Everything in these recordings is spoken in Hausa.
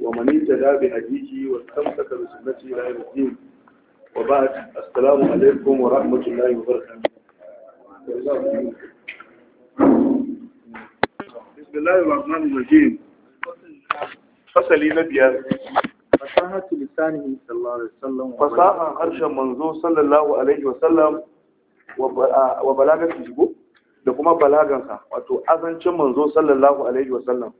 ومن يتدى بهديه واستمسك بسنته إلى يوم الدين وبعد السلام عليكم ورحمة الله وبركاته بسم الله الرحمن الرحيم فصل نبيا فصاحة لسانه صلى الله عليه وسلم فصاحة عرش منظور صلى الله عليه وسلم وبلاغة جبوب da kuma balagansa wato azancin manzo sallallahu alaihi wasallam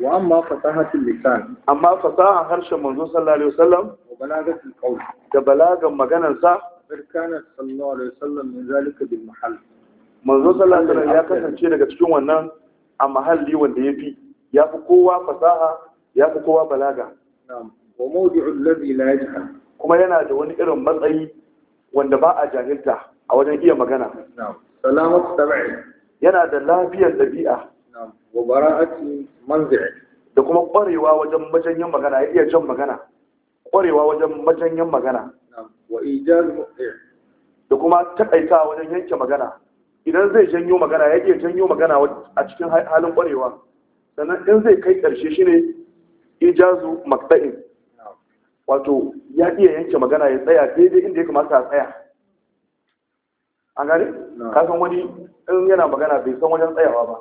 wa amma fasahatul lisan amma fasaha harshen manzo sallallahu alaihi wasallam wa balagatul qawl da balagan maganarsa barkana sallallahu alaihi wasallam min zalika bil mahall manzo sallallahu alaihi wasallam ya kasance daga cikin wannan a mahalli wanda yafi yafi kowa fasaha yafi kowa balaga na'am wa mawdi'ul ladhi la yajhal kuma yana da wani irin matsayi wanda ba a jahilta a wajen iya magana na'am salamat tab'i yana da lafiyar dabi'a wa bara'ati manzi'i da kuma kwarewa wajen majanyen magana ya iya jan magana kwarewa wajen majanyen magana wa ijaz da kuma takaita wajen yanke magana idan zai janyo magana ya iya janyo magana a cikin halin kwarewa sannan in zai kai karshe shine ijazu maqta'in wato ya iya yanke magana ya tsaya daidai inda ya kamata a tsaya an gane ka san wani in yana magana bai san wajen tsayawa ba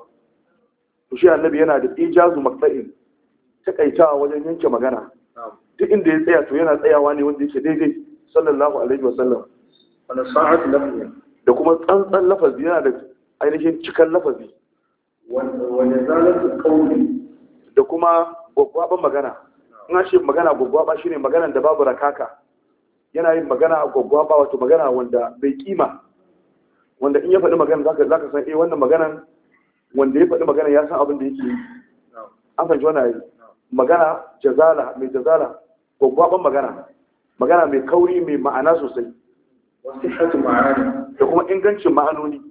to shi annabi yana da ijazu maqta'in takaitawa wajen yanke magana duk inda ya tsaya to yana tsayawa ne wanda yake daidai sallallahu alaihi wa sallam wala sa'at lafzi da kuma tsantsan lafazi yana da ainihin cikan lafazi wanda zalatu qawli da kuma gwaggwaban magana in ce magana gwaggwaba shine maganar da babu rakaka yana yin magana gwaggwaba wato magana wanda bai kima wanda in ya faɗi magana zaka zaka san eh wannan maganan wanda ya faɗi magana ya san abin da yake yi an fahimci wannan ayi magana jazala mai jazala ko gwaban magana magana mai kauri mai ma'ana sosai da kuma ingancin ma'anoni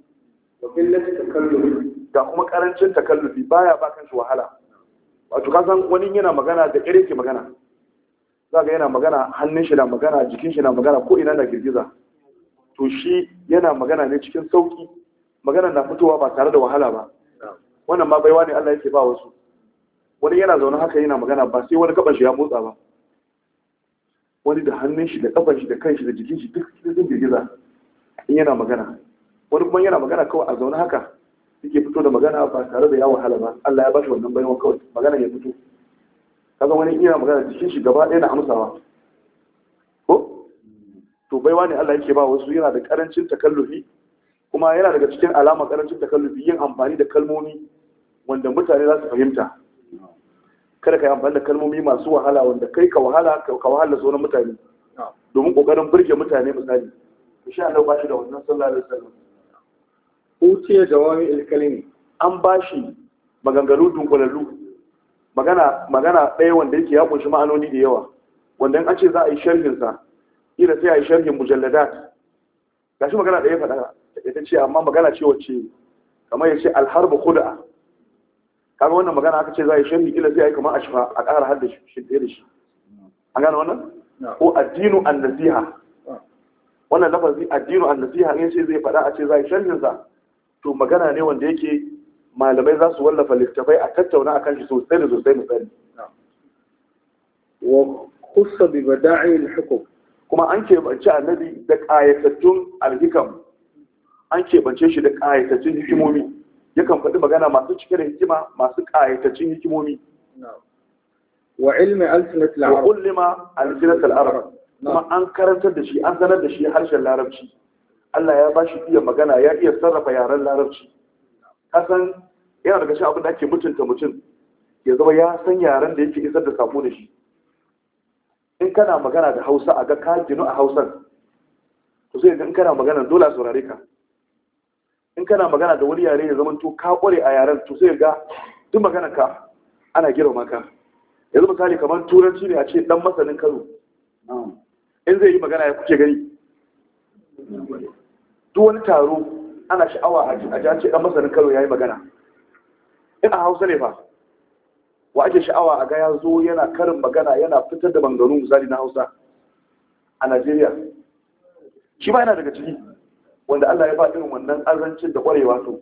da kuma karancin takallufi baya kan shi wahala wato ka san wani yana magana da ƙire ke magana za ga yana magana hannun shi na magana jikin shi na magana ko ina na girgiza to shi yana magana ne cikin sauki magana na fitowa ba tare da wahala ba wannan ma baiwa ne Allah yake ba wasu wani yana zaune haka yana magana ba sai wani kaban shi ya motsa ba wani da hannun shi da kafan shi da kan shi da jikin shi duk zai girgiza in yana magana wani kuma yana magana kawai a zaune haka yake fito da magana ba tare da ya wahala ba Allah ya ba shi wannan baiwa kawai magana ya fito kaga wani yana magana jikin shi gaba ɗaya na amsawa to baiwa ne Allah yake ba wasu yana da karancin takallufi kuma yana daga cikin alama karancin takallufi yin amfani da kalmomi wanda mutane za su fahimta kada ka yi amfani da kalmomi masu wahala wanda kai ka wahala ka wahala zo na mutane domin kokarin burge mutane misali insha Allah ba shi da wannan sallallahu alaihi wasallam utiya jawami al-kalimi an bashi maganganu dunkulallu magana magana ɗaya wanda yake ya kunshi ma'anoni da yawa wanda an ce za a yi sharhin sa kila sai a yi sharhin mujalladat shi magana da ya faɗa ita ce amma magana ce wacce kamar ya ce Alharba khud'a kaga wannan magana aka ce za a yi sharhi kila sai a yi kamar ashfa a ƙara har da shi da shi an gane wannan ko addinu an-nasiha wannan lafazi addinu an-nasiha ne sai zai faɗa a ce za a yi sharhin sa to magana ne wanda yake malamai za su wallafa littafai a tattauna akan shi sosai da sosai misali wa khussa bi bada'i al-hukm kuma an keɓance annabi da ƙayatattun alhikam an keɓance shi da ƙayatattun hikimomi yakan faɗi magana masu cike da hikima masu ƙayatattun hikimomi wa ilmi alfinatul arab wa ulima arab kuma an karantar da shi an sanar da shi harshen larabci Allah ya ba shi iya magana ya iya sarrafa yaren larabci kasan yana daga shi abin da ake mutunta mutum ya zama ya san yaren da yake isar da sako da shi in kana magana da hausa a ga ka ginu a Hausar? to sai in kana magana dole a saurare ka in kana magana da wani yare ya zama to ka kware a yaren to sai ga duk magana ka ana girma ka yanzu misali kamar turanci ne a ce dan masanin kano in zai yi magana ya kuke gani duk wani taro ana sha'awa a ji a ce dan masanin kano ya yi magana in a hausa ne fa wa ake sha'awa a ga ya zo yana karin magana yana fitar da bangaru misali na hausa a najeriya shi ba yana daga ciki wanda allah ya ba irin wannan arzancin da kwarewa to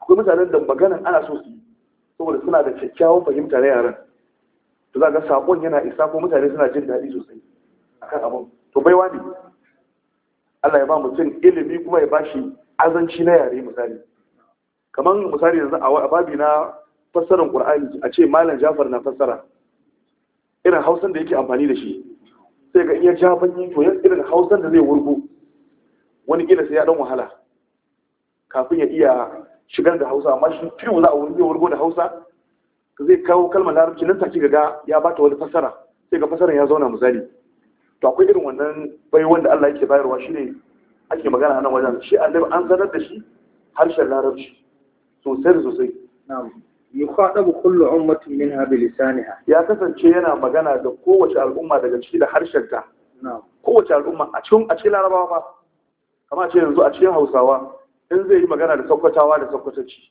akwai mutanen da maganan ana so su saboda suna da kyakkyawan fahimta na yaran to za ga sakon yana isa ko mutane suna jin daɗi sosai akan abun to baiwa ne allah ya ba mutum ilimi kuma ya ba shi azanci na yare misali kamar misali yanzu a babi na fassarar qur'ani a ce malam jafar na fassara irin hausan da yake amfani da shi sai ga iya yin to irin hausan da zai wurgu wani kila sai ya ɗan wahala kafin ya iya shigar da hausa amma shi fiye za a iya wurgo da hausa zai kawo kalmar larabci nan take ga ya bata wani fassara sai ga fassarar ya zauna misali to akwai irin wannan bai wanda Allah yake bayarwa shine ake magana a nan wajen shi annabi an sanar da shi harshen larabci sosai da sosai na'am yukhadabu kullu ummatin minha bi lisaniha ya kasance yana magana da kowace al'umma daga ciki da harshen ta kowace al'umma a cikin a cikin larabawa ba kamar ce yanzu a cikin hausawa in zai yi magana da sakkwatawa da sakkwatanci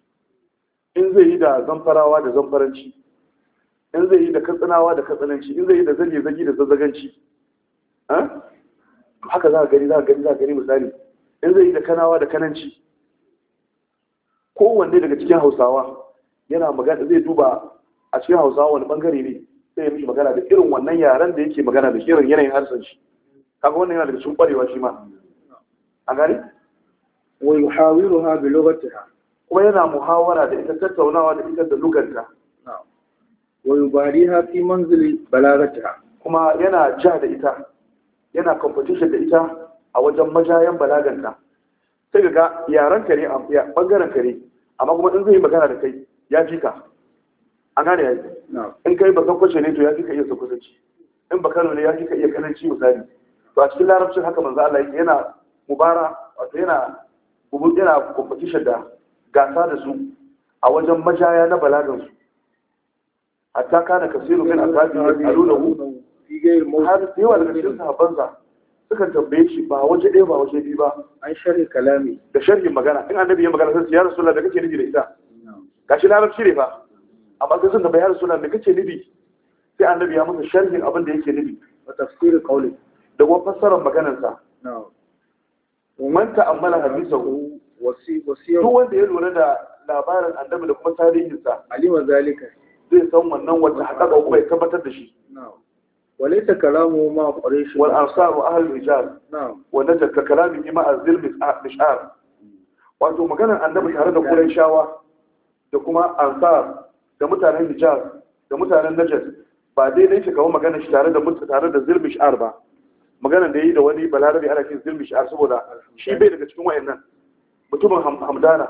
in zai yi da zamfarawa da zamfaranci in zai yi da katsinawa da katsinanci in zai yi da zage zagi da zazzaganci eh? haka za a gani za a gani za a gani misali in zai yi da kanawa da kananci kowanne daga cikin hausawa yana magana zai duba a cikin hausawa wani bangare ne sai ya mishi magana da irin wannan yaren da yake magana da irin yanayin harsan shi kaga wannan yana daga cikin kwarewa shi ma a gari wa yuhawiruha bi lughatiha kuma yana muhawara da ita tattaunawa da ita da lugarta wa yubariha fi manzili balagatiha kuma yana ja da ita yana competition da ita a wajen majayan balaganta sai ga yaran kare a bangaren kare amma kuma in zai yi magana da kai ya fi ka a gane ya in kai ba kwace ne to ya fi ka iya sakwatanci in ba kano ne ya fi ka iya kananci misali to a cikin larabcin haka manzo Allah yake yana mubara wato yana yana competition da gasa da su a wajen majaya na balagan su hatta kana kasiru min asabi yalunahu har sai wa daga cikin sahabbansa suka tambaye shi ba waje ɗaya ba waje biyu ba an sharhi kalami da sharhin magana in annabi ya magana sai ya rasulullah da kake nufi da ita gashi larabci ne ba amma sai da gaba ya suna me kace nubi sai annabi ya musu sharhin abin da yake nubi wa tafsirin da kuma fassarar maganarsa. man duk wanda ya lura da labarin annabi da kuma tarihinsa, alima zalika zai san wannan wata hadaka kuma ya tabbatar da shi وليس كلامه مع قريش والأنصار أهل الرجال نعم ونجد ككلامه مع Wato maganar وأنتم tare da أرد shawa. da kuma ansar da mutanen hijaz da mutanen najas ba daidai shi kawo magana shi tare da mutu tare da zilmi shi'ar ba maganan da yi da wani balarabe ana kin zilmi shi'ar saboda shi bai daga cikin wayannan mutumin hamdana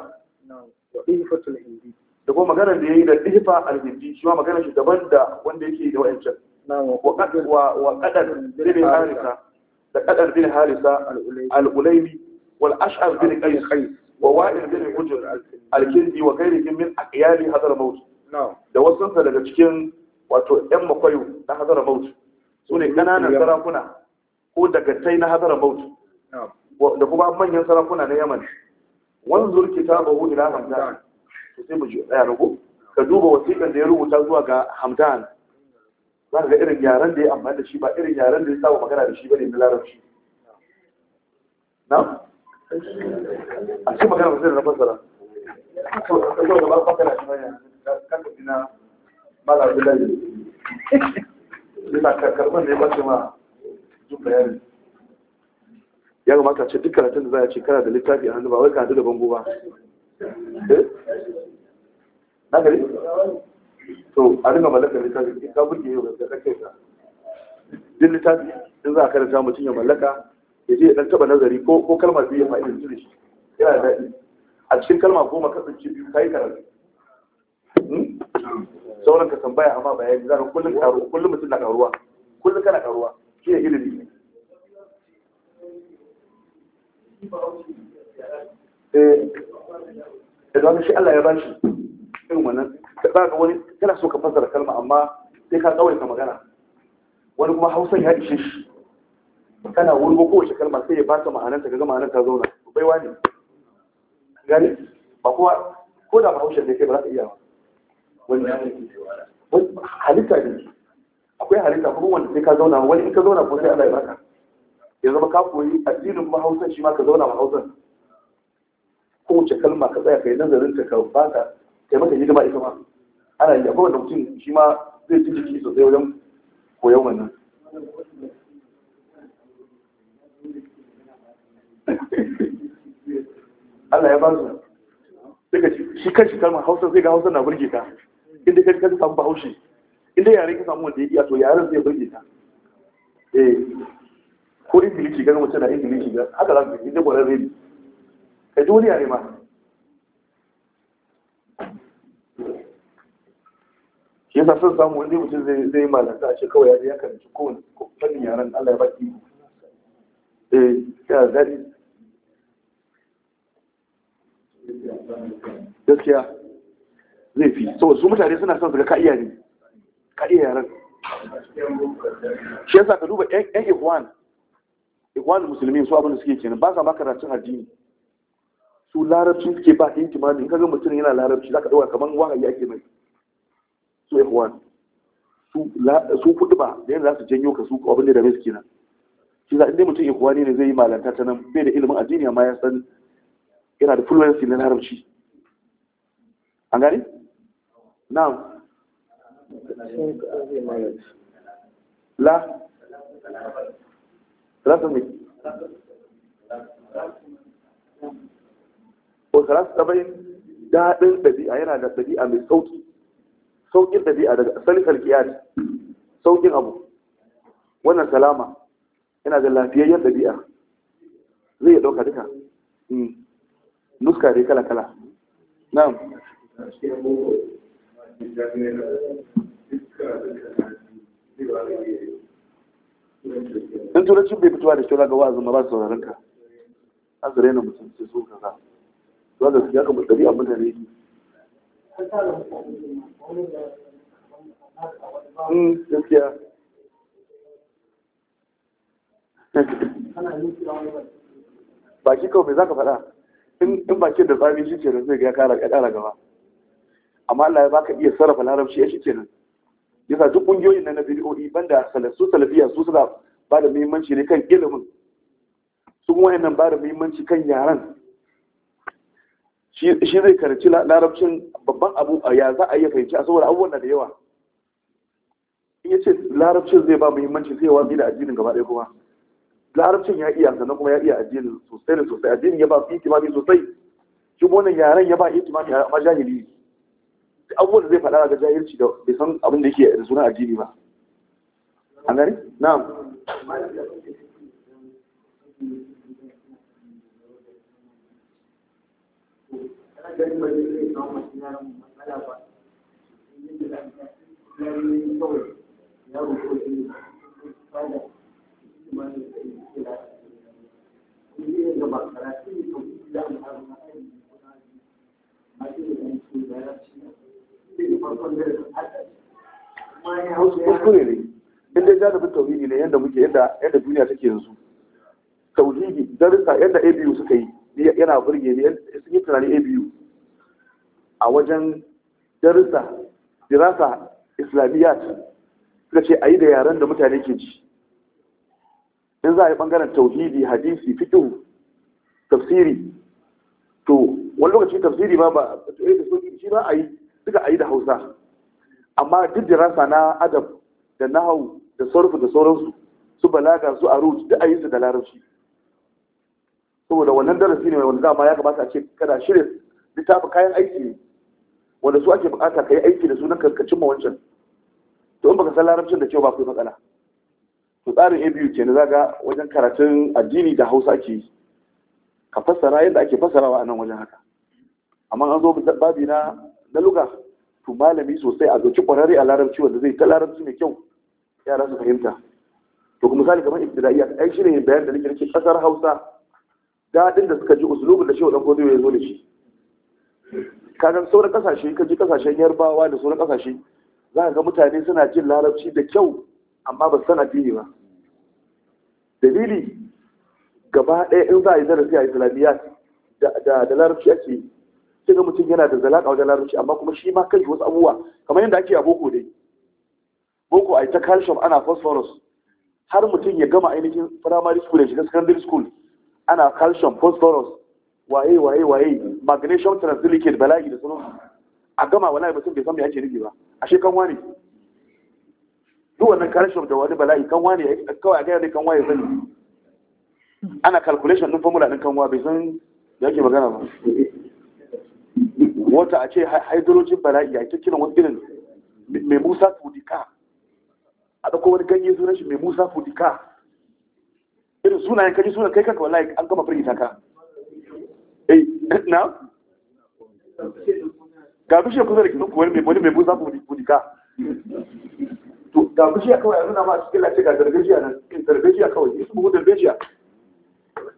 da kuma maganar da ya yi da ihfa al-hindi shi ma maganar shi daban da wanda yake da wayancan wa qadar bin harisa da qadar bin harisa al-ulaymi wal ash'ar bin qais ووائل بن wa الكندي وغيره من iyali هذا الموت da wasansa daga cikin wato 'yan makwayo na hazara mautu, su ne ƙananan sarakuna ko dagatai na hazara mautu, da kuma manyan sarakuna na yaman wanzur kitabahu ila hamdan to sai mu ji daya nuku. ka duba wasiƙan da ya rubuta zuwa ga hamdan za ka ga irin yaren da ya amfani da shi ba irin yaren da ya saba magana da shi ba ne na larabci a cikin magana mutum na ya ma kamata ce duk karatun da za a ce kana da littafi a hannu ba wai karatu da bango ba eh? na gari to a dinga mallaka littafi ka burge yau da kai ka duk littafi in za a karanta mutum ya mallaka ya je ya dan taba nazari ko ko kalmar biyu ya fa'idanci da shi yana da daɗi a cikin kalma goma ka tsinci biyu ka yi karatu hmm? sauran ka tambaya amma bayani za ka kullum karuwa kullum mutum na karuwa kullum kana karuwa shi ne ilimi eh idan eh, shi Allah ya bashi irin wannan za ga wani kana so ka fassara kalma amma sai ka tsawaita magana wani kuma hausan ya ishe shi kana wurgo kowace kalma sai ya bata ma'ananta kaga ma'anar ta zauna baiwa ne gani ba kuma ko da bahaushe ne kai ba za ka iya ba wani halitta ne akwai halitta kuma wanda sai ka zauna wani in ka zauna ko sai Allah ya baka ya zama ka koyi addinin mahausan shi ma ka zauna mahausan kowace kalma ka tsaya kai nazarin ta ka baka kai maka hidima ita ma ana yi akwai wanda mutum shi ma zai ci jiki sosai wajen koyon wannan Allah ya ba su daga shi kan shi kalmar hausa sai ga hausa na burge ta inda kai kan samu bahaushe inda yare ka samu wanda ya iya to yaren zai burge ta eh ko ingilishi ganin mutum na ingilishi ga haka za ka yi da gwarar rabi ka ji wani yare ma shi yasa sun samu wani mutum zai zai malanta a ce kawai ya je ya karanci kowane fannin yaren Allah ya baki eh ya gaskiya zai fi so su mutane suna son su ga ka iya ne ka'iya yaran shi yasa ka duba yan ikwan ikwan musulmi su abin da suke kenan ba sa ba karatun addini su larabci suke ba intimami in ka ga mutum yana larabci za ka ɗauka kamar wahayi ake mai su ikwan su kudu ba da yadda za su janyo ka su abin da da mai suke nan shi za inda mutum ikwani ne zai yi malanta ta nan bai da ilimin addini amma ya san yana da fluency na larabci an gane? na'am la salatu ne o salatu tabayin daɗin ɗabi'a yana da ɗabi'a mai sauƙi sauƙin ɗabi'a daga asalin halkiyar sauƙin abu wannan salama yana da lafiyayyen ɗabi'a zai ya ɗauka duka hmm. nuska dai kala kala na'am in turanci bai fitowa da shura ga wa'azin ma ba su sauraron ka an zare na mutum sai sun kaza zuwa da su ya kama ɗari a mutane hmm, gaskiya baki kawai mai za ka faɗa in bakin da tsami shi ce zai ga ƙara gaba amma Allah ya baka iya sarrafa larabci ya shi kenan yasa duk ƙungiyoyin na na banda su salafiya su suna ba da muhimmanci ne kan ilimin su kuma wayannan ba da muhimmanci kan yaran shi zai karanci larabcin babban abu a ya za a yi fahimci a saboda abubuwan da yawa in ya ce larabcin zai ba muhimmanci zai watsi da addinin gaba ɗaya kuma larabcin ya iya sannan kuma ya iya addini sosai da sosai addini ya ba su itimami sosai shi wannan yaren ya ba itimami amma jahili ne abubuwan zai faɗa ga jahilci da bai san abin da yake da suna addini ba an gani Thank you. kuskure ne ne. in dai janibin tauhidi ne yadda muke yadda duniya take yanzu tauhidi darussa yadda abu suka yi yana burge ne sun yi tunani abu a wajen darussa dirasa islamiyya suka ce a yi da yaren da mutane ke ji in za a yi bangaren tauhidi hadisi fiqh tafsiri to wani lokaci tafsiri ma ba a eh, da shi ba a yi suka a yi da hausa amma duk da rasa na adab da nahau da sarfu da sauransu su balaga su rut duk a yi su da larabci saboda wannan darasi ne wanda dama ya kamata a ce kana shirya littafi kayan aiki ne wanda su ake bukata ka yi aiki da su na karkacin ma wancan to in baka san larabcin da cewa ba kai matsala to tsarin abu ke na zaga wajen karatun addini da hausa ke yi ka fassara yadda ake fassarawa a nan wajen haka amma an zo babi na na luga to malami sosai a zoci kwararri a larabci wanda zai ta larabci mai kyau yara su fahimta to kuma misali kamar ibtidaiya ai shi ne bayan da nake nake kasar hausa dadin da suka ji usulubin da shehu dan godo ya zo da shi kaga sauran kasashe ka ji kasashen yarbawa da sauran kasashe za ka ga mutane suna jin larabci da kyau amma ba su san addini ba dalili gaba ɗaya in za a yi darasi a islamiyya da da larabci ake sai ga mutum yana da zalaƙa wajen larabci amma kuma shi ma kai wasu abubuwa kamar yadda ake a boko dai boko a ta calcium ana phosphorus har mutum ya gama ainihin primary school ya shiga secondary school ana calcium phosphorus waye waye waye magnesium transilicate bala'i da sunan a gama wallahi mutum bai san me ake nufi ba a shekan wani duk wannan karshen da wani bala'i kan wani ya kawai a gaya ne kan waye sani ana calculation din formula din kanwa bai san da yake magana ba wata a ce hydrogen bala'i a ita kiran wani irin mai musa fudika a ɗauko wani ganye sunan shi mai musa fudika irin sunayen kaji sunan kai kanka wallahi an gama firgita ka eh na ga bishiyar kusa da kinan kuwa wani mai musa fudika to ga bishiya kawai a nuna ma cikin lafiya ga gargajiya nan gargajiya kawai ya bugu gargajiya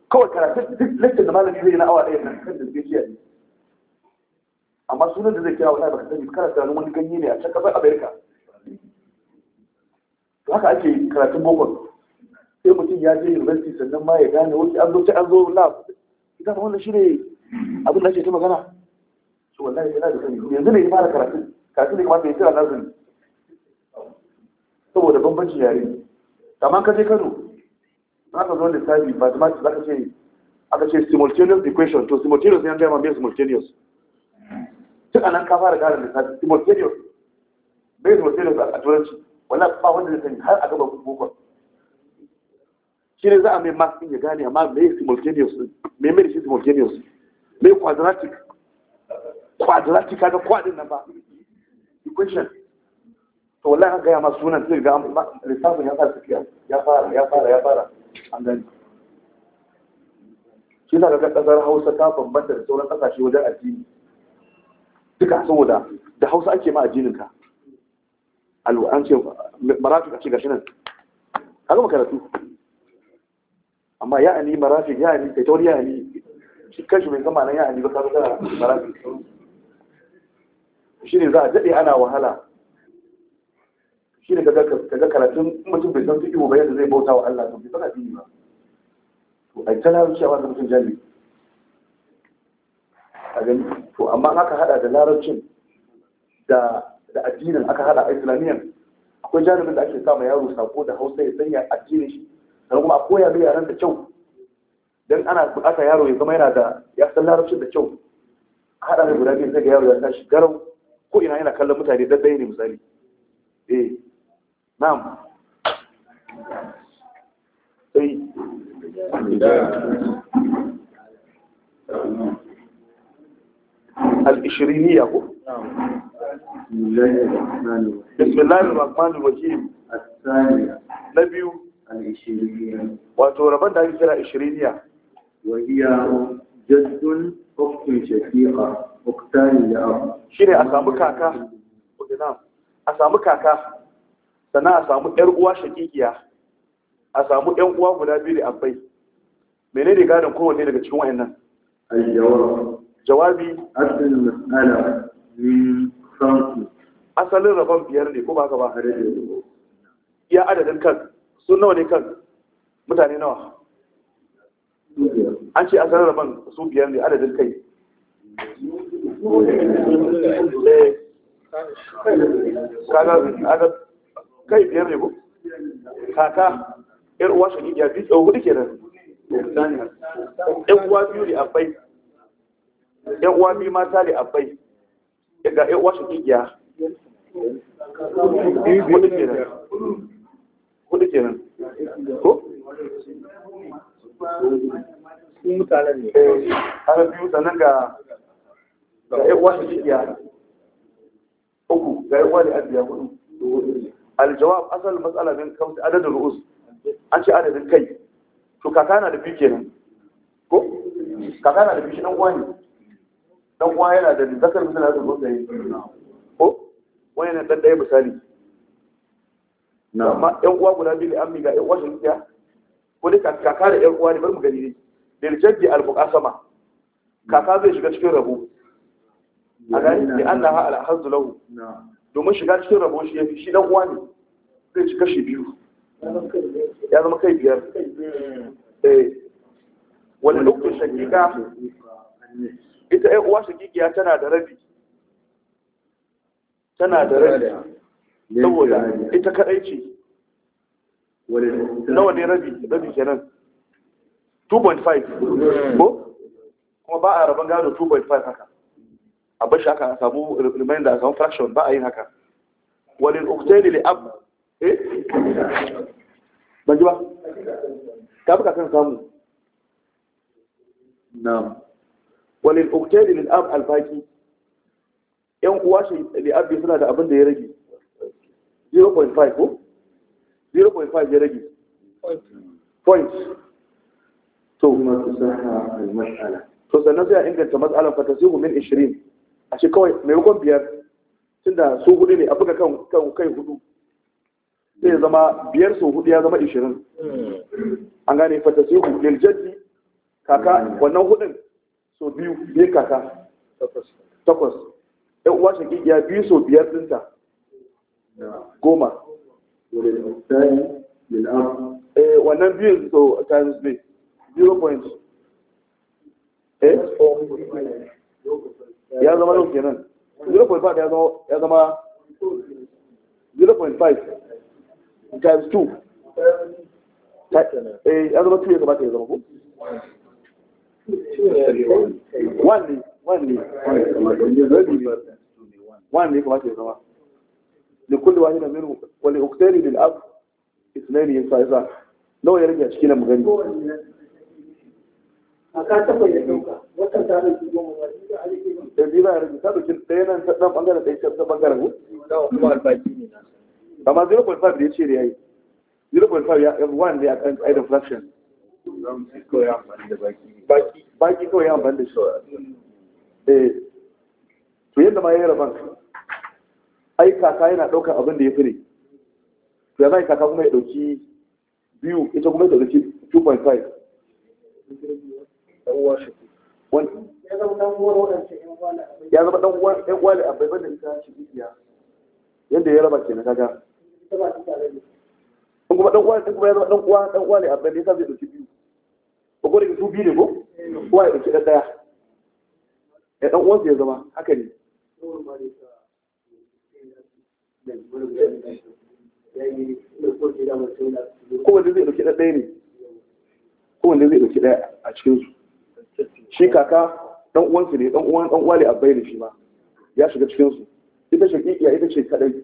kawai karatun duk lakcin da malami zai na awa ɗaya nan kan gargajiya ne amma sunan da zai kira wani baka sani kana tunanin wani ganye ne a can kasar amerika to haka ake karatun boko sai mutum ya je university sannan ma ya gane wani an zo ta an zo lab ita ma wannan shi ne abin da ake ta magana to wallahi yana da sani yanzu ne ya fara karatu karatu ne kamar bai tsira nazari saboda bambancin yare amma ka je kano za ka zo sabi ba da za ka ce aka ce simultaneous equation to simultaneous yan gama bai simultaneous tun anan ka fara gara sabi simultaneous bai simultaneous a turanci wala ba wanda zai sani har a gaba bukwa shi ne za a mai masu ya gane amma mai simultaneous mai mai shi simultaneous mai quadratic quadratic kaga kwadin nan ba equation to wallahi an gaya masu sunan sai ga lissafin ya fara tafiya ya fara ya fara ya fara an gani shi na ga ƙasar hausa ta bambanta da sauran ƙasashe wajen addini duka saboda da hausa ake ma addininka ka an ce a ce gashi nan ka gama karatu amma ya ani marafik ya ani kai tauri ya ani shi kashi mai zama nan ya ani ba ka marafik shi ne za a daɗe ana wahala shi ne ga karatun mutum bai san iwo ba yadda zai bauta wa Allah to bai san addini ba to ai ta larabci a wannan mutum jami a gani to amma aka hada da larabcin da da addinin aka hada a islamiyan akwai jarumin da ake sama yaro sako da hausa ya sanya addinin shi sannan kuma a koya mai yaran da kyau dan ana buƙatar yaro ya zama yana da ya san larabcin da kyau a hada mai guda biyu sai ga yaro ya tashi garau ko ina yana kallon mutane daddai ne misali eh Naam. Sai. Al-ishiriniya ko? Wato rabon da hajjira ishiriniya. Wahiya jaddun ofin shafiƙa, oktani da abu. Shi ne a samu kaka, a samu kaka. sannan a samu yar uwa shakikiya a samu yan uwa guda biyu da abai menene gadon kowanne daga cikin wayannan jawabi asalin rabon biyar ne ko ba ka ba Ya adadin kan sun nawa ne kan mutane nawa an ce asalin rabon su biyar ne adadin kai eh. kaga kai biyar ne ko kaka yar uwa shagigiya biyu tsohu hudu nan. yan uwa biyu ne abai yan uwa biyu mata ne abai ga yan uwa shagigiya hudu kenan hudu nan? ko sun mutane ne eh, har biyu sannan ga ga yan uwa shagigiya uku ga yan uwa da abiya hudu aljawab asal matsala min kaut adadin ru'us an ce adadin kai to kaka na da biyu kenan ko kaka na da biyu shi dan uwa ne dan uwa yana da zakar mutum da zuwa sai ko wani ne dan dai misali na amma yan uwa guda biyu da ammi ga yan uwa shi kiya ko dai kaka da yan uwa ne bar mu gani ne lil jaddi al muqasama kaka zai shiga cikin rabo a gani ne Allah ha al hazzu lahu domin shiga cikin rabo shi yafi shi dan uwa ne zai ci kashi biyu ya zama kai biyar eh. wani lokacin shakika ita ya uwa shakikiya tana da rabi tana da rabi saboda ita kaɗai ce nawa ne rabi rabi kenan 2.5 ko kuma ba a rabon gado 2.5 haka a bashi haka a samu reminder a samu fraction ba a yin haka walil uktaini li ab eh ban ji ba ta fi kakan samu na'am walil uktali lil ab alfaki yan uwa shi li abbi suna da abin da ya rage 0.5 ko 0.5 ya rage point to to sannan sai a inganta matsalar fata sai min 20 a shi kawai maimakon biyar tunda su hudu ne a buga kan kai hudu zai zama biyar sau hudu ya zama ishirin an gane fata sai hu lil jaddi kaka wannan hudun so biyu biyu kaka takwas ɗan uwa shakikiya biyu sau biyar dinta, goma eh, wannan biyun so times bay zero point eh? ya zama yau kenan 0.5 ya zama 0.5 times 2 eh, ya zama 2 ya kamata ya zama ko? one ne one ne one ne kamata ya zama da kulle wani da minu wani ya sa nawa ya rage a cikin a ka taba ya dauka wata goma ba da ya eh, rage ta ɗaya nan ta ɗan ɓangaren ɗaya ta ɓangaren ba ma 0.5 da ya ce da ya yi 0.5 ya wanda ya kan tsaye da fraction baki kawai ya amfani da shi eh. to yadda ma ya yi rabon ai kaka yana ɗaukar abin da ya fi ne to yana yi kaka kuma ya ɗauki biyu ita kuma ya ɗauki 2.5 ya zama ɗan uwan ɗan uwan ɗan bai da ita shi yadda ya raba ke na kaga in kuma dan uwa in kuma ya zama dan uwa dan uwa ne abin da yasa zai dauki biyu ko gore su biyu ne ko uwa ya dauki dan daya ya dan uwansa ya zama haka ne kowanne zai dauki dan daya ne kowanne zai dauki daya a cikin su shi kaka dan uwansa ne dan uwan dan uwa ne abbai ne shi ma ya shiga cikin su ita shakiya ita ce kadai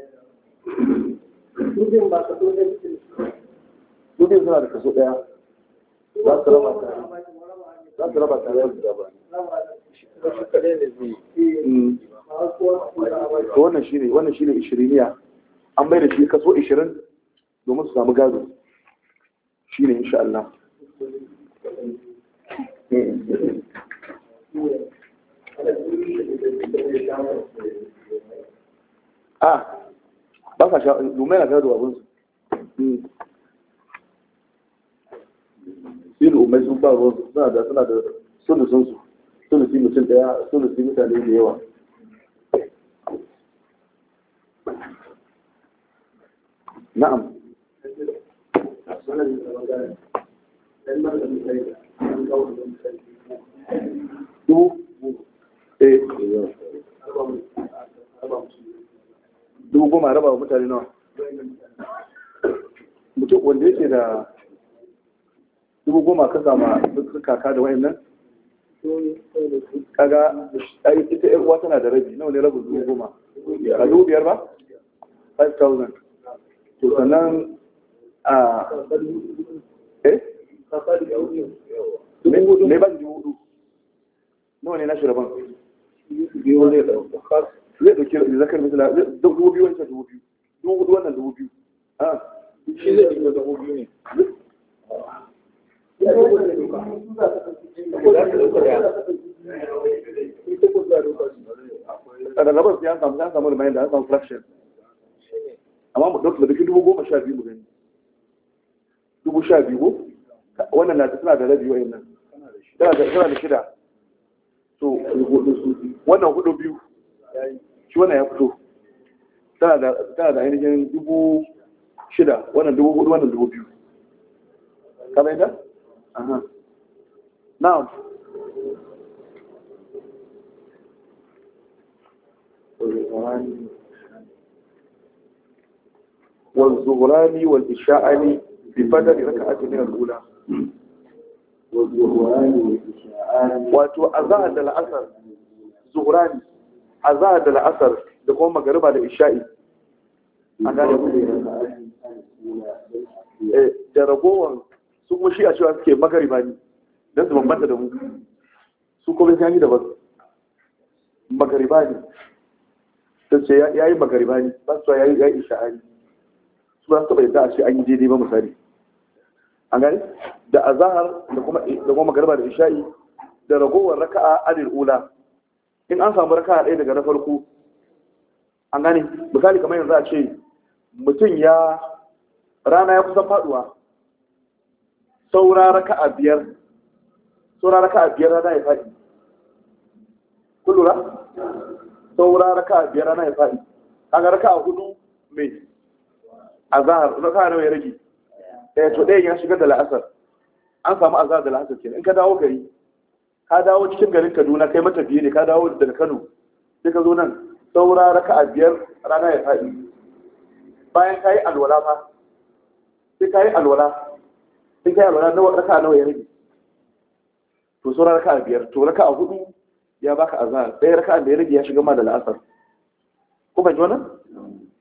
Gudun suna da kaso ɗaya. Za su raba tare. Za su raba tare da ba. Mm. wannan shi ne, wannan shi ne ishiriniya. An bai da shi kaso ishirin domin su samu gado. Shi ne insha Allah. Mm. Ah, ba sha domin yana gado abin su yin hmm. sun ba ruwan suna da suna da sulusun su sulusi mutum daya sulusi mutane da yawa na'am eh dubu goma raba wa mutane nawa mutum wanda yake da dubu goma ka sama kaka da wayan nan kaga ita yan uwa tana da rabi nawa ne rabu dubu goma ka dubu biyar ba 5000 to sannan a eh ne ban dubu hudu nawa ne na shi rabon biyu ne da zai dauke da zakar misala dubu biyu wancan dubu biyu dubu hudu wannan dubu biyu shi zai dubu dubu biyu ne da da labar ya samu ya samu remain da ya samu fraction amma mu dauki da dubu goma sha biyu mu gani dubu sha biyu wannan na tsina da rabi wayan nan tana da shida to wannan hudu biyu shi wannan ya fito tana da ainihin dubu shida wannan dubu hudu wannan dubu biyu ka bai da? aha now والزغران والإشاعان ببدل ركعة من الأولى والزغران والإشاعان واتو أزاد الأثر زغراني Azahar da la'asar da kuma magariba da isha'i an gane ku eh, da ragowar su kuma shi a cewa suke magariba ne don su bambanta da mu su kuma sun yi da wasu magariba ne ta ce ya yi magariba ne ba su ya yi isha'i su ba su taɓa yadda a ce an yi daidai ba misali an gane da azahar da kuma magariba da isha'i da ragowar raka'a anil ula in an samu raka ɗaya daga na farko an gane misali kamar yanzu a ce mutum ya rana ya kusan faduwa saura raka a biyar saura raka a biyar rana ya faɗi ku lura saura raka a biyar rana ya faɗi an raka a hudu mai a zahar raka nawa ya rage ɗaya eh, to ɗayan ya shiga da la'asar an samu azahar da la'asar kenan in ka dawo gari ka dawo cikin garin kaduna kai matafiye ne ka dawo daga kano sai ka zo nan saura raka a biyar rana ya faɗi bayan ka yi alwala fa sai ka yi alwala sai ka yi alwala nawa raka nawa ya rage to saura raka a biyar to raka a hudu ya baka azhar ɗaya raka da ya rage ya shiga ma da la'asar ko ji wannan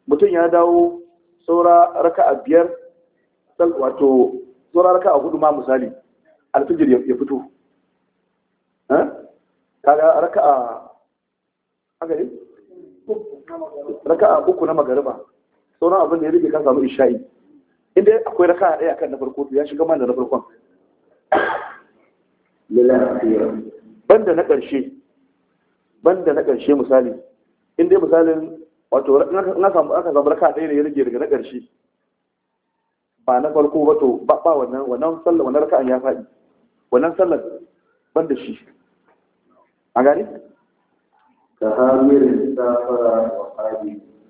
mutum ya dawo saura raka a biyar wato saura raka a hudu ma misali alfijir ya fito kaga raka'a agari ne raka'a uku na magariba sauran abin da ya rike kan samu isha'i inda akwai raka'a ɗaya kan na farko ya shiga man da na farkon banda na ƙarshe banda na ƙarshe misali inda misalin wato na samu aka samu raka'a ɗaya ne ya rage daga na ƙarshe ba na farko ba to ba wannan wannan sallar wannan raka'an ya faɗi wannan sallar banda shi a gari?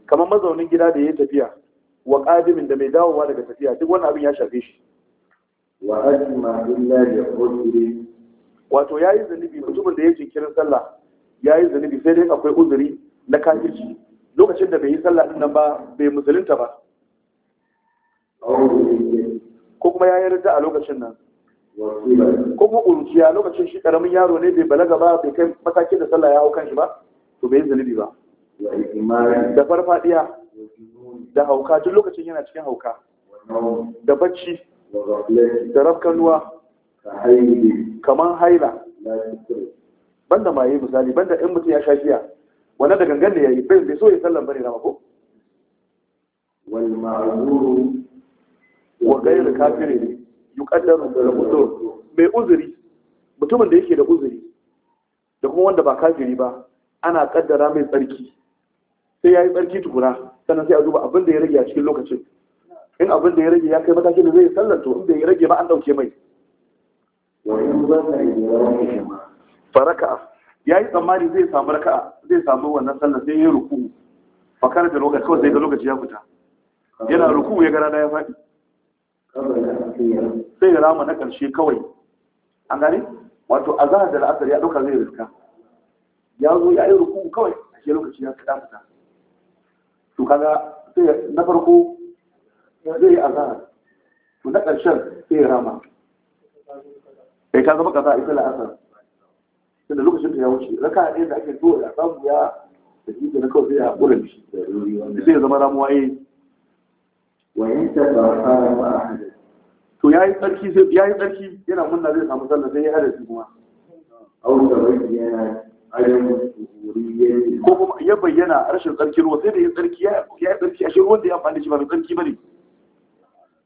kamar mazaunin gida da ya tafiya wa ƙadimin da mai dawowa daga tafiya duk wani abin ya shafe shi wa in illa ya uzuri wato ya yi zanibi mutumin da ya jinkirin sallah ya yi zanibi sai dai akwai uzuri na kafirci lokacin da bai yi sallah ɗin nan ba bai musulunta ba ko kuma ya yi rinta a lokacin nan ko ku ƙuruciya lokacin shi ƙaramin yaro ne bai balaga ba bai kai matakin da sallah ya hau kan shi ba to bai zunubi ba da farfadiya da hauka duk lokacin yana cikin hauka da bacci da rafkanuwa kamar haila banda ma yi misali banda in mutum ya sha giya wannan da gangan da ya yi bai so ya sallan bane na mako wa gairu kafirin yuqaddaru da uzur mai uzuri mutumin da yake da uzuri da kuma wanda ba kafiri ba ana kaddara mai tsarki sai ya yi tsarki tukuna sannan sai a duba abin da ya rage a cikin lokacin in abin da ya rage ya kai matakin da zai sallar to da ya rage ba an dauke mai faraka ya yi tsammani zai samu raka'a zai samu wannan sallar sai ya yi ruku fakar da lokaci kawai sai ga lokaci ya fita yana ruku ya gara da ya faɗi sai ya rama na ƙarshe kawai an gane wato a zahar da la'asar ya ɗauka zai riska ya zo ya yi rukun kawai a shi lokaci ya kaɗa fita to kaga sai na farko zai yi a zahar to na ƙarshen sai ya rama kai ka zama kaza ita la'asar tunda lokacin ta ya wuce raka ne da ake zuwa ya samu ya da shi na kawai sai ya haƙura da shi sai ya zama ramuwa yi eh. wayan ta tsara ba a hadari to yayi tsarki sai yayi tsarki yana munna zai samu sallah sai ya hadari kuma au da bayyana ayyukan wuriyyi ko kuma ya bayyana rashin tsarkin ruwa sai da ya tsarki ya ya tsarki ashe ruwan da ya amfani da shi ba tsarki bane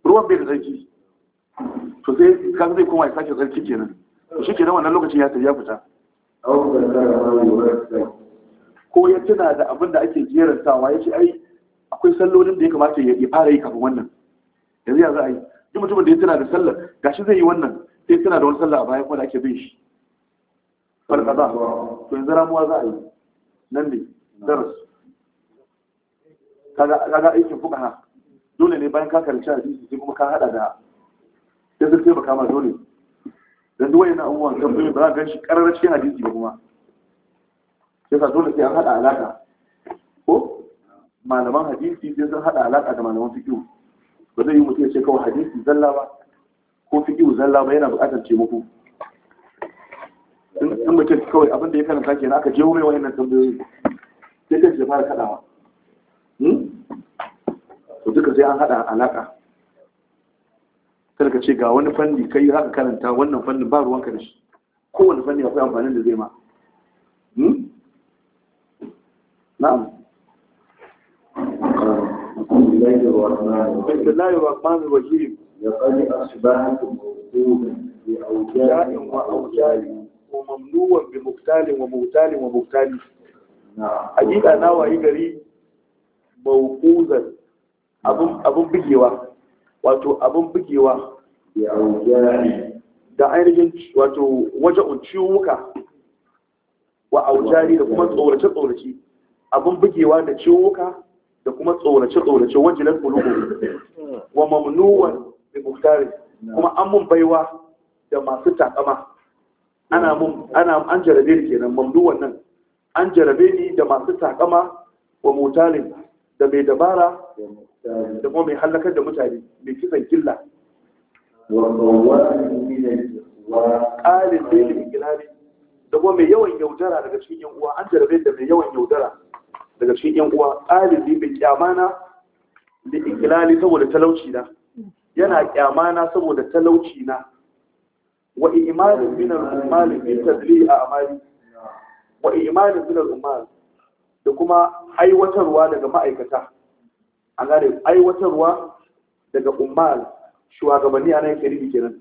ruwan bai da tsarki to sai kan zai koma ya sake tsarki kenan shi kenan wannan lokacin ya tafi ya fita au da ko ya tuna da abin da ake jerantawa ya ce ai akwai sallolin da ya kamata ya fara yi kafin wannan yanzu ya za a yi duk mutumin da ya tana da sallar shi zai yi wannan sai tana da wani sallah a bayan kuma da ake bin shi farka za to yanzu ramuwa za a yi nan ne daras kaga aikin ha, dole ne bayan ka karshe hadisi sai kuma ka hada da sai zai taimaka ma dole dan duk wayannan abubuwan kan bai ba za ka gan shi kararrace hadisi ba kuma sai ka dole sai an hada alaka malaman hadisi sai sun haɗa alaƙa da malaman fiƙiyu ba zai yi mutu ya ce kawai hadisi zalla ba ko fiƙiyu zalla ba yana buƙatar taimako in mutum kawai abin da ya karanta ke na aka jewo mai wayannan tambayoyi sai kai ya fara kaɗawa hmm? to duka sai an haɗa alaƙa kada ka ce ga wani fanni kai haka karanta wannan fannin ba ruwanka da shi kowane fanni akwai amfanin da zai ma hmm? na'am بسم الله الرحمن الرحيم لقد أصبحتم موجودا بأوجاع وأوجاع ومغتال حقيقة ناوى موقوزا da ainihin wato da kuma tsorace-tsorace abun bugewa da da kuma tsorace-tsorace wajilar kulubu wa mamnuwan da kuma an mun baiwa da masu takama ana an jarabe ni kenan mamnuwan nan an jarabe ni da masu takama wa mutalin da mai dabara da kuma mai halakar da mutane mai kisan killa ƙalin da ilimi da kuma mai yawan yaudara daga cikin yan uwa an jarabe da mai yawan yaudara daga cikin yan uwa ɗalibi bai kyamana da ikilali saboda talauci na yana kyamana saboda talauci na wa imanin min al-ummal fi tadli a amali wa imanin min al-ummal da kuma aiwatarwa daga ma'aikata an gane aiwatarwa daga Umar, shugabanni a nan yake kenan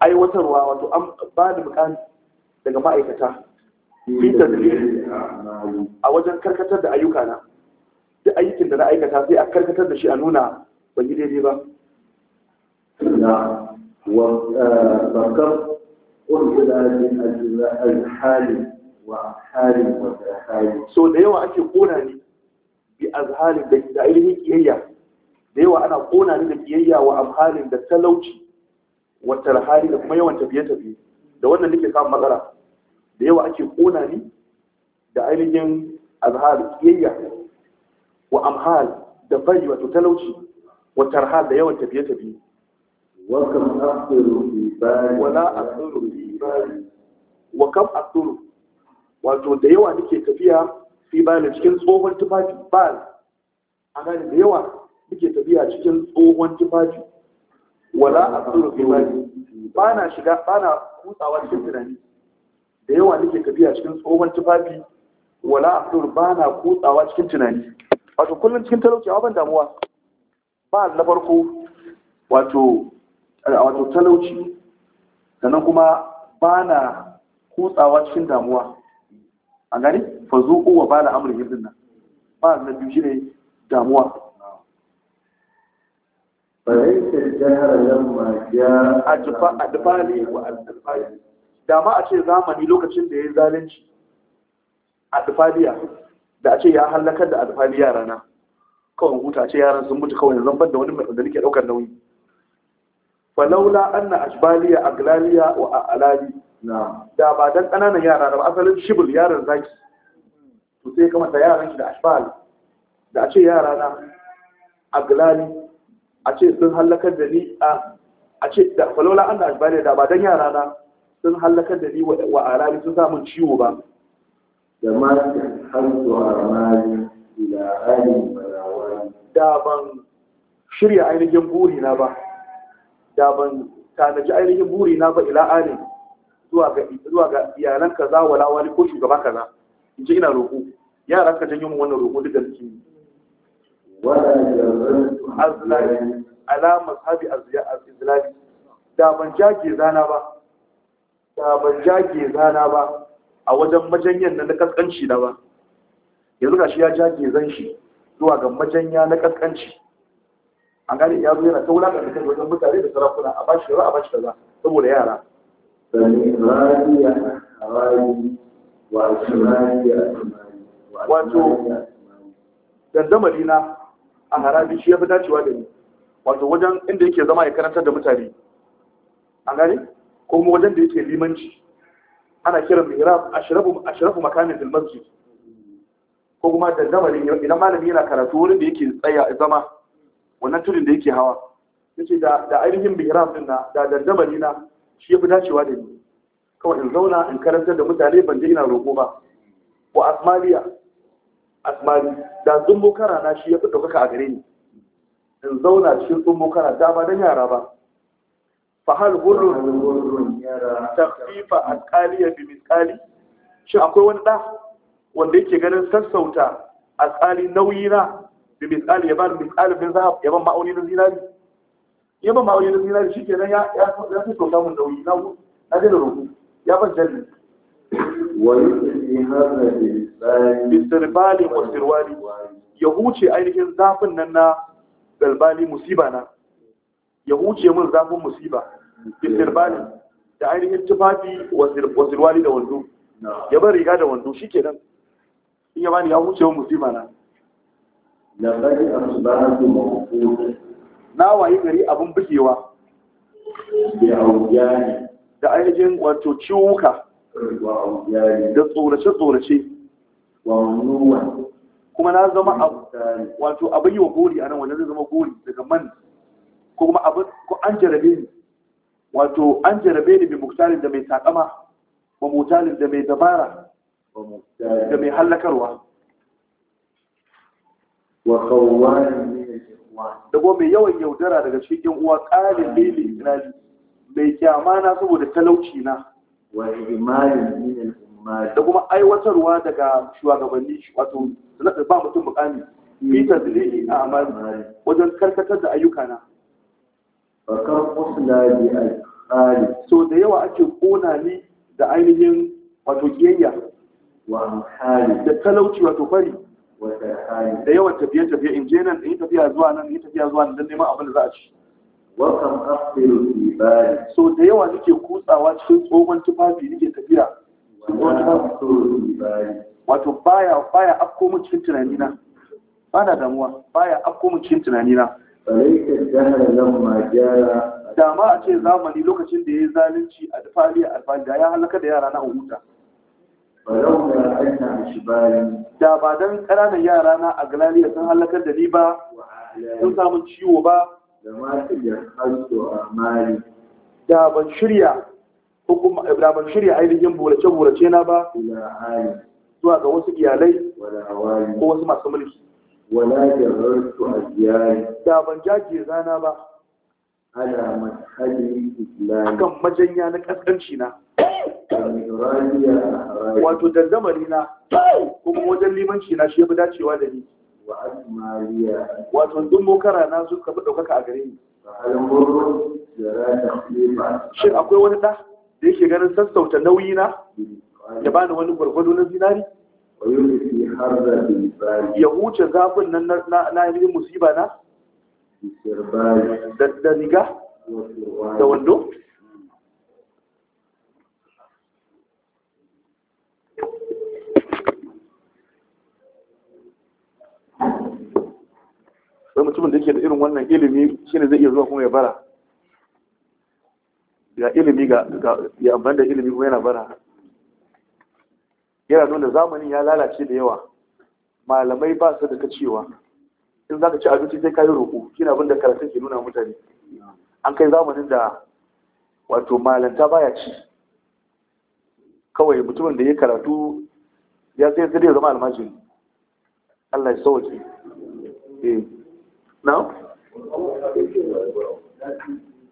aiwatarwa wato an ba da daga ma'aikata fi tadbiri a wajen karkatar da ayyuka na duk aikin da na aikata sai a karkatar da shi a nuna ban yi daidai ba na wa bakar eh, ƙungula min alhali wa hali wa hali so da yawa ake kona ni bi azhali da ainihin kiyayya da yawa ana kona ni da kiyayya wa amhalin da talauci wa tarhali da kuma yawan tafiye-tafiye da wannan nake samun matsala da yawa ake kona ne da ainihin azhar kiyayya wa amhal da bai wato talauci wa tarhal da yawan tafiye tafiye wa kam asiru bi bari wa asiru bi wa kam asiru wato da yawa nake tafiya fi bari cikin tsohon tufafi bari a gani da yawa nake tafiya cikin tsohon tufafi wala asiru bi ba na shiga ba na kutsawa cikin tunani da yawa nake tafiya cikin tsohon tufafi wala afdur ba na kutsawa cikin tunani wato kullum cikin talauci ban damuwa ba na farko wato eh, wato talauci sannan kuma ba na kutsawa cikin damuwa a gani fa zo wa ba da amurin yin dinnan ba na biyu shi ne damuwa a jifa a difali wa al-difali da ma a ce zamani lokacin da ya yi zalunci a tufaliya da a ce ya halakar da alfaliya rana kawai huta a ce yaran sun mutu kawai zan ban da wani mai da nake daukar nauyi falaula anna ajbaliya aglaliya wa alali na da ba dan kananan yara ba asalin shibul yaran zaki to sai kamar da yaran shi da ashbal da a ce yara na aglali a ce sun halaka da ni a a ce da falaula anna ajbaliya da ba dan yara na sun hallakar da ni wa arabi sun samun ciwo ba da ma zuwa armari ila ali marawani da ban shirya ainihin burina ba da ban tanaji ainihin burina ba ila ali zuwa ga iyalan kaza wala wani ko shugaba kaza in ce ina roƙo yara ka janyo mu wannan roƙo wala da suke azlami ala azya azlabi da ban jage zana ba da ban jage zana ba a wajen majanyan na kaskanci na ba yanzu shi ya jage zan shi zuwa ga majanya na kaskanci an gane ya zo yana ta wulaƙa da wajen mutane da sarakuna a bashi kaza a bashi kaza saboda yara wato dandamali na a harabi shi ya fi dacewa da ni wato wajen inda yake zama ya karantar da mutane an gane ko kuma wajen da yake limanci ana kiran mihrab ashrabu ashrabu makamin fil masjid ko kuma da zamanin idan malami yana karatu wurin da yake tsaya zama wannan tudin da yake hawa yace da da ainihin mihrab din na da dandamali na shi yafi dacewa da ni kawai in zauna in karantar da mutane ban je ina roƙo ba wa asmaliya asmali da zumbukara na shi yafi ɗaukaka a gare ni in zauna cikin zumbukara da ba don yara ba fahal gurrun takfifa alƙaliya bi misƙali shi akwai wani ɗa wanda yake ganin sassauta alƙali nauyi na bi misƙali ya ba misƙali bin zahab ya ba ma'auni na zinari ya ban ma'auni na zinari shi kenan ya ya fi sauka samun nauyi na na da roƙo ya ban jalli wani bisirbalin wasirwali ya huce ainihin zafin nan na galbali musiba na ya huce min zafin musiba bilbirbali eh. da ainihin tufafi wasirwali da wando ya bar riga da wando shi ke nan. in ya bani ya huce min musiba na na wayi gari abin bugewa da ainihin wato ciwuka da tsorace-tsorace kuma na zama wato abin yi wa gori a nan wanda zai zama gori daga man ko kuma abin ko an jarabe ni wato an jarabe ni bi muktalin da mai takama ba mutalin da mai dabara da mai hallakarwa wa da kuma mai yawan yaudara daga cikin uwa ƙarin na inali mai kyama na saboda talauci na da kuma aiwatarwa daga shugabanni wato ba mutum mukami fi tadlili a amali wajen karkatar da ayyuka na fakar usla bi alqali so da yawa ake kona ni da ainihin wato kiyayya wa hali da talauci wato fari da yawan tafiye tafiye in je nan in tafiya zuwa nan in tafiya zuwa nan dan neman abin da za a ci wa kam asiru fi so da yawa nake kutsawa cikin tsohon tufafi nake tafiya wato baya baya afko mun cikin tunanina bana damuwa baya afko mun cikin tunanina falaita jahara lamma jara da a ce zamani lokacin da ya yi zalunci a dafali a alfali da ya halaka da yara na huta falaula shi shibali da ba don ƙananan yara na a galaliya sun halakar da ni ba sun samu ciwo ba da ma ta yahasu amali da ban shirya da ban shirya ainihin burace burace na ba zuwa ga wasu iyalai ko wasu masu mulki wala a ajiyari da ban jaje rana ba ala mashhadi islam akan majanya na kaskanci na wato dandamari na kuma wajen limanci na shi ya fi dacewa da ni wato duk mokara na su ka fi ɗaukaka a gare ni shin akwai wani ɗa da yake ganin sassauta nauyi na ya bani wani gwargwado na zinari ya huce zafin nan na ainihin musiba na da riga da wando sai mutumin da ke da irin wannan ilimi ne zai iya zuwa kuma ya bara ga ilimi ga ya amfani da ilimi kuma yana bara yana nuna zamanin ya lalace da yawa malamai ba su da kacewa in za ka ci abinci sai ka yi roƙo kina abin da karatun ke nuna mutane an kai zamanin da wato malanta baya ci kawai mutumin da ya karatu ya sai sai zama almajiri Allah ya sauke eh na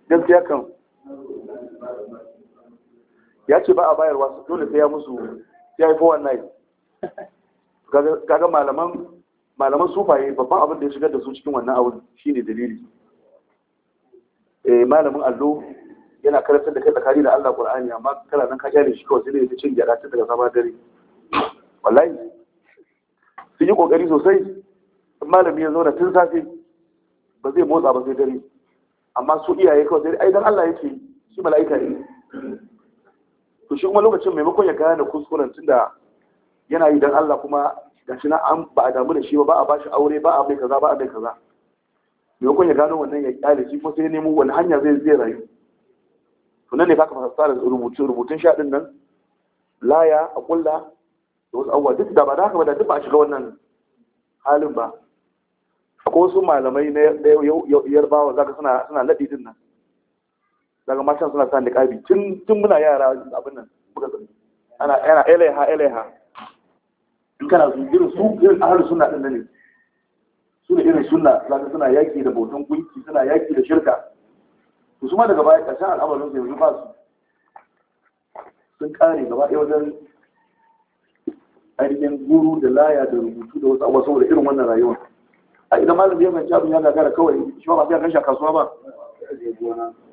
gaskiya kan ya ce ba a bayarwa dole sai ya musu ya yi kowa nai kaga malaman malaman sufaye babban abin da ya shigar da su cikin wannan abu shine dalili eh, malamin allo yana karantar da kai tsakani da Allah Qur'ani amma kana nan ka kyale shi kawai sai ne cin gyara tun daga sabon dare wallahi sun yi kokari sosai malami ya zauna tun safe ba zai motsa ba sai dare amma su iyaye kawai sai ai dan Allah yake shi mala'ika ne to shi kuma lokacin maimakon ya gane kuskuren tunda yana yi don Allah kuma ga shi na an ba a damu da shi ba ba a bashi aure ba a mai kaza ba a mai kaza maimakon ya gano wannan ya kyale shi kuma sai nemo wani hanya zai zai rayu to nan ne kaka fasa tsara rubutun rubutun sha din nan laya a kulla da wasu abubuwa duk da ba da haka ba da duk ba a shiga wannan halin ba akwai wasu malamai na yarbawa zaka suna suna laɗi din nan daga mashan suna sa niƙabi. tun tun muna yara abin nan buga zani ana yana ilaiha ilaiha in kana su irin su irin ahal suna din ne su ne irin sunna zaka suna yaki da bautan gunki suna yaki da shirka su ma daga baya ƙarshen al'amarin su yanzu ba su sun kare gaba ɗaya wajen ainihin guru da laya da rubutu da wasu abubuwa saboda irin wannan rayuwa a idan malam ya fahimci abin ya gagara kawai shi ba sai ya kashe kasuwa ba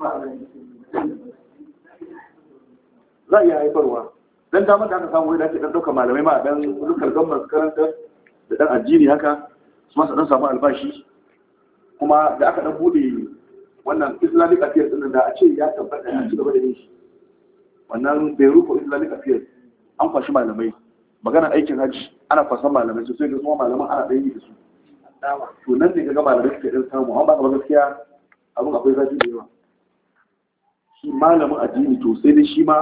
za a iya haifarwa don damar da aka samu wai da ake dauka ɗaukar malamai ma dan dukkan masu karanta da ɗan addini haka su masu ɗan samu albashi kuma da aka ɗan bude wannan islamic affairs ɗin da a ce ya tabbata ya ci gaba da yin shi wannan beru ko islamic affairs an kwashi malamai magana aikin hajji ana kwasan malamai sosai da kuma malaman ana ɗaya da su to nan ne ga malamai suke ɗan samu an ba ka gaskiya abin akwai zafi da yawa shi malamin addini to sai dai shi ma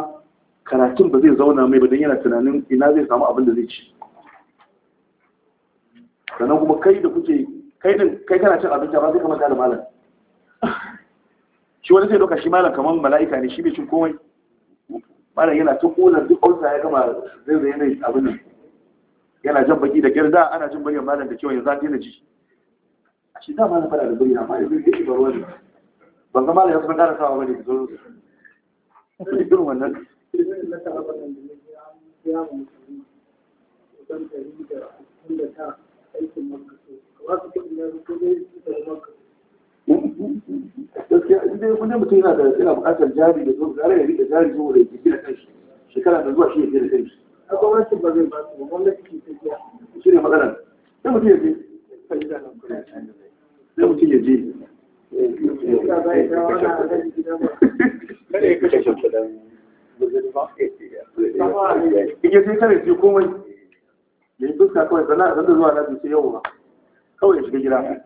karatun ba zai zauna mai ba don yana tunanin ina zai samu abin da zai ci sannan kuma kai da kuke kai din kai kana cin abinci ba sai kamar da malam shi wani zai doka shi malam kamar mala'ika ne shi bai cin komai malam yana ta kola duk ulsa ya gama zai zai yanayi abin nan yana jan baki da girda ana jin bayan malam da kyau yanzu an yana ji a shi da malam fara da birni amma yanzu zai shi ba ruwan ban zama da yasu ban ƙara sawa bane zo irin wannan gaskiya mutum yana da yana buƙatar jari da zo gara ya rika jari saboda ya gina kanshi shekara da zuwa shi ya gina kanshi a gwamnati ba zai ba su ba gwamnati ke tafiya shi ne sai mutum ya je sai mutum ya je ya sai kare sai komai ya yi fuska kawai zana zan zuwa na yau ba kawai shiga gida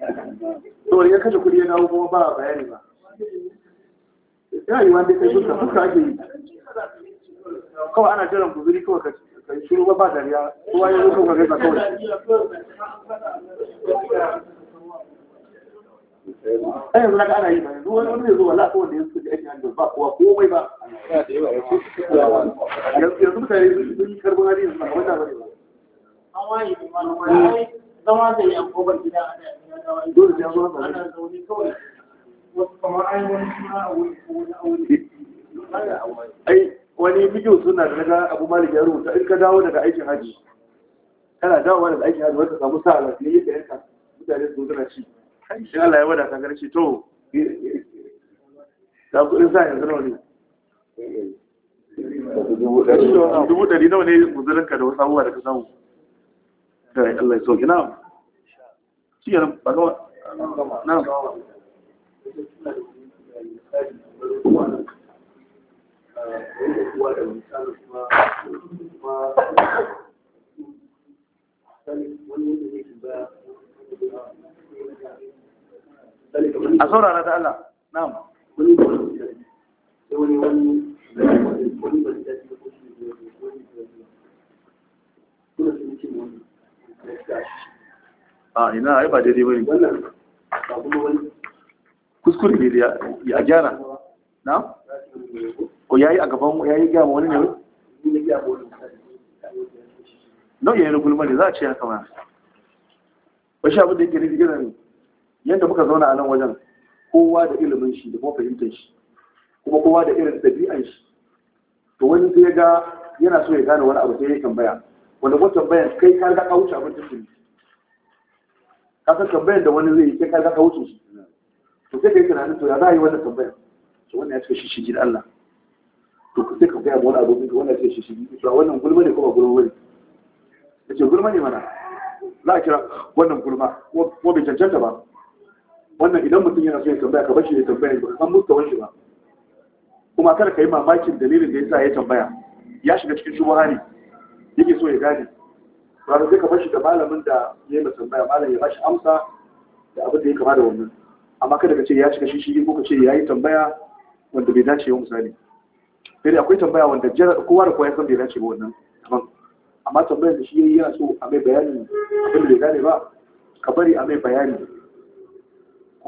to ya kashe ya dawo kuma ba bayani ba yi wanda kai fuska fuska ake yi kawai ana jiran guzuri kawai ka kai ba ba dariya kowa ya zo kawai ka gaisa kawai ai yanzu naga ana yi ba yanzu wani wani zo wallahi ko wanda ya suka ji aikin hajji ba kowa komai ba yanzu mutane sun yi karbon hali yanzu ba wanda ba ne ba an kuma ne zama da ya gobar gida a da dole sai zo ba ana zaune kawai wasu kamar ai wani kuma a wuri ko wani aure ai wani bidiyo suna da naga abu malik ya rubuta in ka dawo daga aikin hajji kana dawowa daga aikin hajji wanda samu sa'a lafiyayye da yanka mutane su zo suna ci shi Allah ya wada ka garshi to da kuɗin sa yanzu nawa ne dubu ɗari nawa ne guzurinka da wasu abubuwa da ka samu kai Allah ya sauki na shi yana ba gawa na wani a saurara da Allah na'am a ina ai ba daidai bane kuskure ne ya gyara na ko yayi a gaban yayi gyara wani ne no yayi gulma ne za a ce haka ba shi abu da yake nufi ne yadda muka zauna a nan wajen kowa da ilimin shi da kuma fahimtar shi kuma kowa da irin ɗabi'an shi to wani sai ya ga yana so ya gane wani abu sai ya tambaya wanda kuma tambayan kai ka ga kawuce abin da shi ka san tambayan da wani zai yi kai ka ga kawuce shi to sai ka yi tunanin to ya za a yi wannan tambayan to wannan ya cika shi shi Allah to sai ka ma wani abu ka wannan ya ce shi shi wannan gulma ne ko ba gulma ne ce gulma ne mana za a kira wannan gulma ko bai cancanta ba wannan idan mutum yana so ya tambaya ka bashi ya tambaya ba san musta wani ba kuma kada ka yi mamakin dalilin da ya sa ya tambaya ya shiga cikin shubuha ne yake so ya gane ba da zai ka bashi da malamin da ya yi tambaya malam ya bashi amsa da abin da ya kama da wannan amma kada ka ce ya shiga shi shi ko ka ce ya yi tambaya wanda bai dace ba misali sai akwai tambaya wanda kowa da kowa ya san bai dace ba wannan kaman amma tambayar da shi yana so a mai bayani abin da bai gane ba ka bari a mai bayani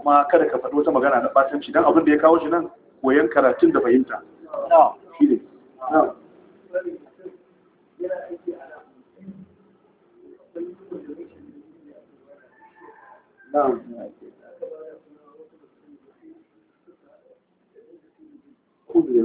kuma kada ka faɗi wata magana na batanci don abin da ya kawo shi nan koyon karatun da fahimta Kudu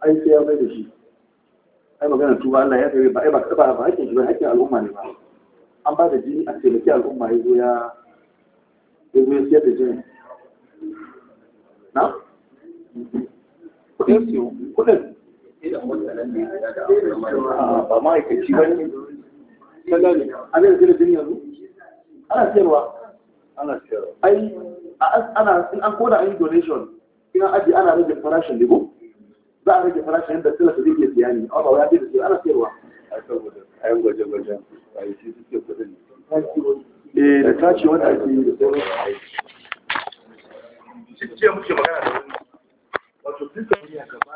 ai sai ya mai da shi ai magana tuba Allah ya tsaye ba ai ba ba ba hakkin shi ba hakkin al'umma ne ba an ba da jini a taimaki al'umma ya zo ya ya zo ya siyar da jini na kudin siyo kudin ah, ba ma'aikaci ba ne salari an yi da jini yanzu ana siyarwa ai ana in an koda an yi donation in an ajiye ana rage farashin ne za a rage farashin yadda talaka zai iya siya ne amma ba ya ce da su ana siyarwa a saboda ayan gwaje-gwaje a yi shi suke kudin eh da tace wanda ake yi da sauran su ce muke magana da wani wato duka ne gaba